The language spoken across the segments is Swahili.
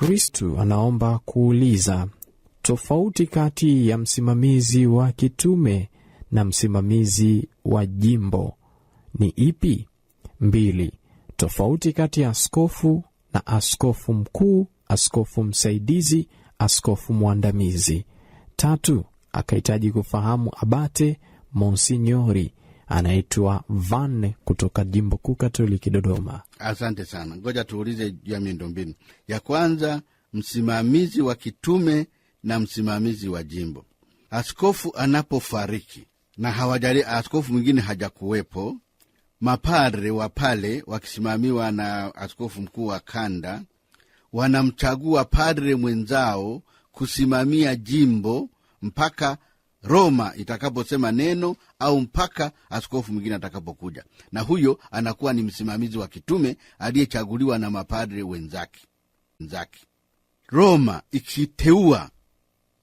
Kristu anaomba kuuliza tofauti kati ya msimamizi wa kitume na msimamizi wa jimbo ni ipi? Mbili, tofauti kati ya askofu na askofu mkuu, askofu msaidizi, askofu mwandamizi. Tatu, akahitaji kufahamu abate, monsinyori anaitwa Vane kutoka jimbo kuu Katoliki Dodoma. Asante sana, ngoja tuulize juu ya miundombinu ya kwanza, msimamizi wa kitume na msimamizi wa jimbo. Askofu anapofariki na hawajali, askofu mwingine hajakuwepo, mapadre wa pale wakisimamiwa na askofu mkuu wa kanda wanamchagua padre mwenzao kusimamia jimbo mpaka Roma itakaposema neno au mpaka askofu mwingine atakapokuja, na huyo anakuwa ni msimamizi wa kitume aliyechaguliwa na mapadre wenzake wenzake. Roma ikiteua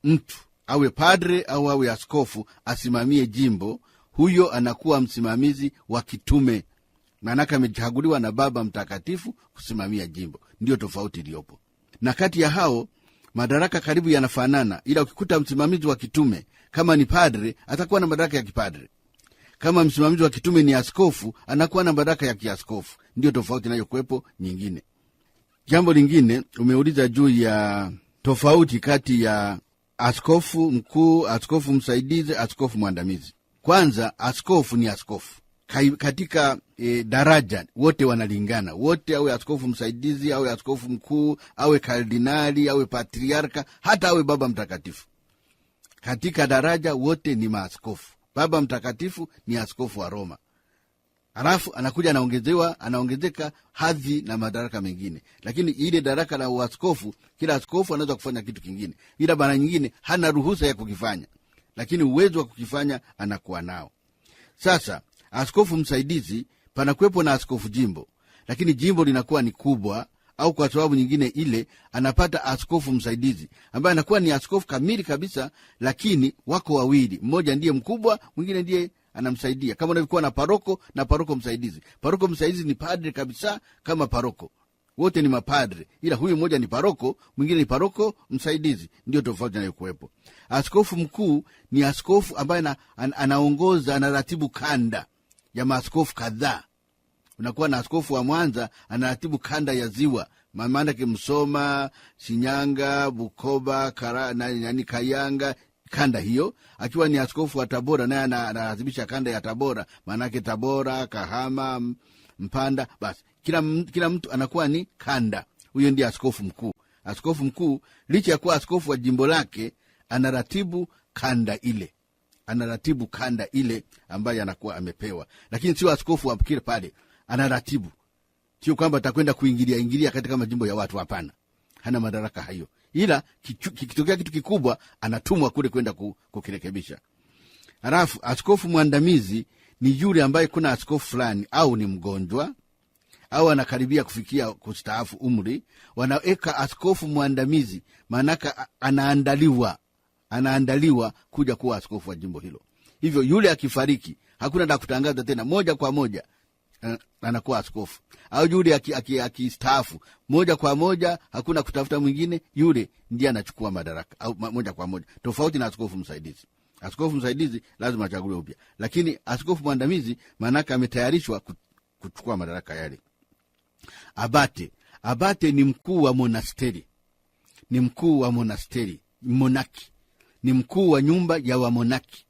mtu awe padre au awe askofu asimamie jimbo, huyo anakuwa msimamizi wa kitume, maanake amechaguliwa na Baba Mtakatifu kusimamia jimbo. Ndiyo tofauti iliyopo na kati ya hao madaraka karibu yanafanana, ila ukikuta msimamizi wa kitume kama ni padre atakuwa na madaraka ya kipadre, kama msimamizi wa kitume ni askofu anakuwa na madaraka ya kiaskofu. Ndiyo tofauti inayokuwepo nyingine. Jambo lingine umeuliza juu ya tofauti kati ya askofu mkuu, askofu msaidizi, askofu mwandamizi. Kwanza, askofu ni askofu katika e, daraja wote wanalingana wote, awe askofu msaidizi, awe askofu mkuu, awe kardinali, awe patriarka, hata awe baba mtakatifu. Katika daraja wote ni maaskofu. Baba mtakatifu ni askofu wa Roma, alafu anakuja anaongezewa, anaongezeka hadhi na madaraka mengine, lakini ile daraka la uaskofu, kila askofu anaweza kufanya kitu kingine, ila mara nyingine hana ruhusa ya kukifanya, lakini uwezo wa kukifanya anakuwa nao. Sasa askofu msaidizi panakuwepo na askofu jimbo, lakini jimbo linakuwa ni kubwa, au kwa sababu nyingine ile anapata askofu msaidizi ambaye anakuwa ni askofu kamili kabisa, lakini wako wawili, mmoja ndiye mkubwa, mwingine ndiye anamsaidia kama unavyokuwa na paroko na paroko msaidizi. Paroko msaidizi ni padre kabisa kama paroko, wote ni mapadre, ila huyu mmoja ni paroko, mwingine ni paroko msaidizi. Ndio tofauti anayokuwepo Askofu mkuu ni askofu ambaye anaongoza, anaratibu kanda ya maaskofu kadhaa. Unakuwa na askofu wa Mwanza anaratibu kanda ya Ziwa, maanake Msoma, Shinyanga, Bukoba, kara, nani, Kayanga, kanda hiyo, akiwa ni askofu wa Tabora naye anaratibisha kanda ya Tabora, maanake Tabora, Kahama, Mpanda. Basi kila, kila mtu anakuwa ni kanda. Huyo ndiye askofu mkuu. Askofu mkuu licha ya kuwa askofu wa jimbo lake anaratibu kanda ile anaratibu kanda ile ambayo anakuwa amepewa, lakini sio askofu wa kile pale anaratibu. Sio kwamba atakwenda kuingilia ingilia katika majimbo ya watu, hapana, hana madaraka hayo, ila kikitokea kitu kikubwa anatumwa kule kwenda kukirekebisha. Halafu askofu mwandamizi ni yule ambaye kuna askofu fulani au ni mgonjwa au anakaribia kufikia kustaafu umri, wanaweka askofu mwandamizi, maanake anaandaliwa anaandaliwa kuja kuwa askofu wa jimbo hilo. Hivyo yule akifariki, hakuna da kutangaza tena, moja kwa moja eh, anakuwa askofu. Au yule akistaafu, aki, aki moja kwa moja, hakuna kutafuta mwingine, yule ndiye anachukua madaraka au moja kwa moja, tofauti na askofu msaidizi. Askofu msaidizi lazima achaguliwe upya, lakini askofu mwandamizi maanake ametayarishwa kuchukua madaraka yale. Abate, abate ni mkuu wa monasteri, ni mkuu wa monasteri monaki ni mkuu wa nyumba ya Wamonaki,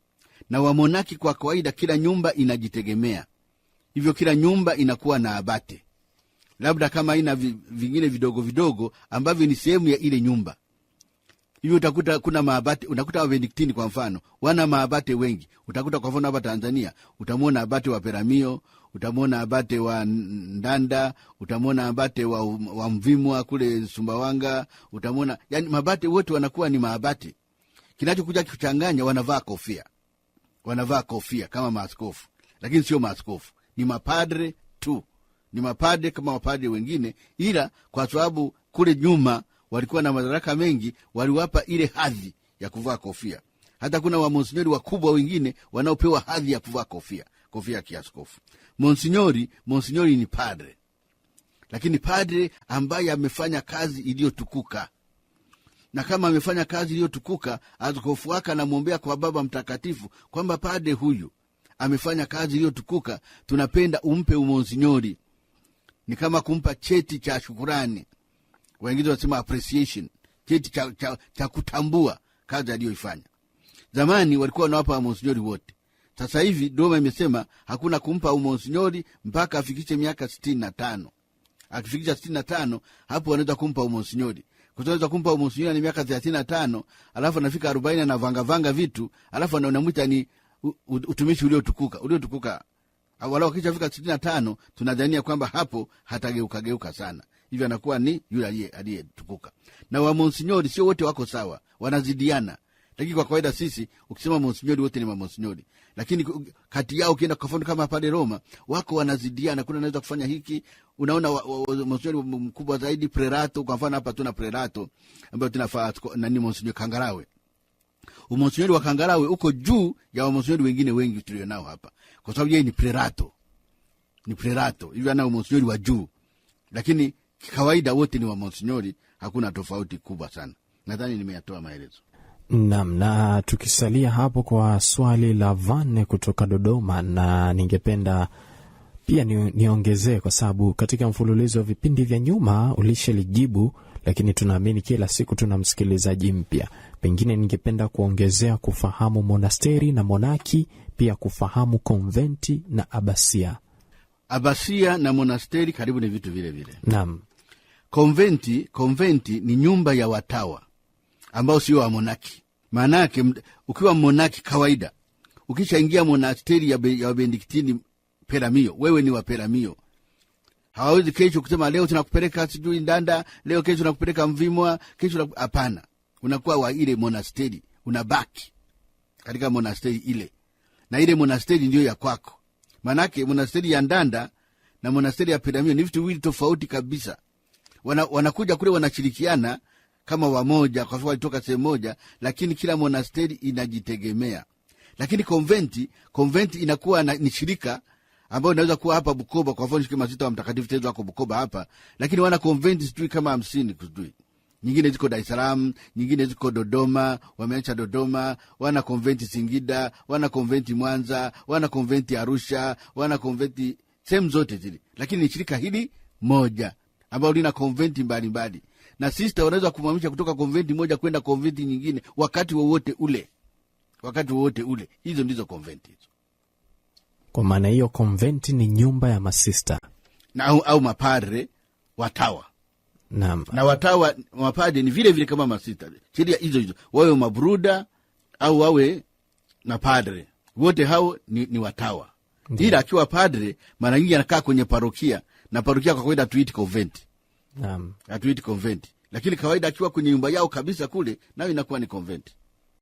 na Wamonaki kwa kawaida kila nyumba inajitegemea, hivyo kila nyumba inakuwa na abate, labda kama aina vingine vidogo vidogo ambavyo ni sehemu ya ile nyumba. Hivyo utakuta kuna maabate, unakuta Wabenediktini kwa mfano wana maabate wengi. Utakuta kwa mfano hapa Tanzania utamwona abate wa Peramio, utamwona abate wa Ndanda, utamwona abate wa, wa Mvimwa kule Sumbawanga, utamwona yani mabate wote wanakuwa ni maabate kinachokuja kuchanganya, wanavaa kofia, wanavaa kofia kama maaskofu, lakini sio maaskofu, ni mapadre tu, ni mapadre kama mapadre wengine, ila kwa sababu kule nyuma walikuwa na madaraka mengi, waliwapa ile hadhi ya kuvaa kofia. Hata kuna wamonsinyori wakubwa wengine wanaopewa hadhi ya kuvaa kofia, kofia ya kiaskofu. Monsinyori, monsinyori ni padre, lakini padre ambaye amefanya kazi iliyotukuka na kama amefanya kazi iliyotukuka, askofu wake anamwombea kwa Baba Mtakatifu kwamba pade huyu amefanya kazi iliyotukuka, tunapenda umpe umonsinyori. Ni kama kumpa cheti cha shukurani, wengine wanasema appreciation, cheti cha, cha, cha kutambua kazi aliyoifanya. Zamani walikuwa wanawapa wamonsinyori wote, sasa hivi Doma imesema hakuna kumpa umonsinyori mpaka afikishe miaka sitini na tano. Akifikisha sitini na tano, hapo wanaweza kumpa umonsinyori kutaweza kumpa msinyuna ni miaka thelathini na tano alafu anafika arobaini anavangavanga vitu alafu anamwita ni utumishi uliotukuka uliotukuka walau fika sitini na tano tunadhania kwamba hapo hatageukageuka sana hivyo anakuwa ni yule aliyetukuka na wamonsinyori sio wote wako sawa wanazidiana lakini kwa kawaida sisi ukisema monsinyori wote ni mamonsinyori lakini kati yao ukienda kwa mfano kama pale roma wako wanazidiana kuna anaweza kufanya hiki unaona monsinyor mkubwa zaidi prerato Kwa mfano hapa tuna prerato ambayo tunafaa nani, monsinyor Kangarawe. umonsinyori wa Kangarawe uko juu ya wamonsinyori wengine wengi tulio nao hapa, kwa sababu yeye ni prerato ni prerato hivyo, ana umonsinyori wa juu, lakini kawaida wote ni wamonsinyori hakuna tofauti kubwa sana. Nadhani nimeyatoa maelezo. nam na tukisalia hapo kwa swali la Vane kutoka Dodoma, na ningependa pia niongezee ni kwa sababu katika mfululizo wa vipindi vya nyuma ulishelijibu lakini tunaamini kila siku tuna msikilizaji mpya. Pengine ningependa kuongezea kufahamu monasteri na monaki, pia kufahamu konventi na abasia. Abasia na monasteri karibu ni vitu vile vile. Naam. Konventi, konventi ni nyumba ya watawa ambao sio wamonaki. Maana ukiwa monaki kawaida ukishaingia monasteri ya wabendiktini peramio wewe ni wa peramio hawawezi kesho kusema leo tunakupeleka sijui ndanda leo kesho nakupeleka mvimwa kesho hapana unakuwa wa ile monasteri unabaki katika monasteri ile na ile monasteri ndiyo ya kwako manake monasteri ya ndanda na monasteri ya Peramio ni vitu viwili tofauti kabisa Wana, wanakuja kule wanashirikiana kama wamoja kwa sababu walitoka sehemu moja lakini kila monasteri inajitegemea lakini konventi konventi inakuwa na, ni shirika ambayo inaweza kuwa hapa Bukoba. Kwa mfano, shike masista wa Mtakatifu Tezo wako Bukoba hapa, lakini wana konventi sijui kama hamsini, sijui nyingine ziko Dar es Salaam, nyingine ziko Dodoma, wameacha Dodoma, wana konventi Singida, wana konventi Mwanza, wana konventi Arusha, wana konventi sehemu zote zile, lakini ni shirika hili moja ambayo lina konventi mbalimbali, na sista wanaweza kumhamisha kutoka konventi moja kwenda konventi nyingine wakati wowote ule, wakati wowote ule. Hizo ndizo konventi hizo. Kwa maana hiyo konventi ni nyumba ya masista na au, au mapare watawa na, na watawa mapare ni vile vile kama masista, sheria hizo hizo, wawe mabruda au wawe mapadre, wote hao ni, ni watawa Ndiyo. Ila akiwa padre mara nyingi anakaa kwenye parokia na parokia kwa kawaida atuiti konventi, atuiti konventi, lakini kawaida akiwa kwenye nyumba yao kabisa kule, nayo inakuwa ni konventi.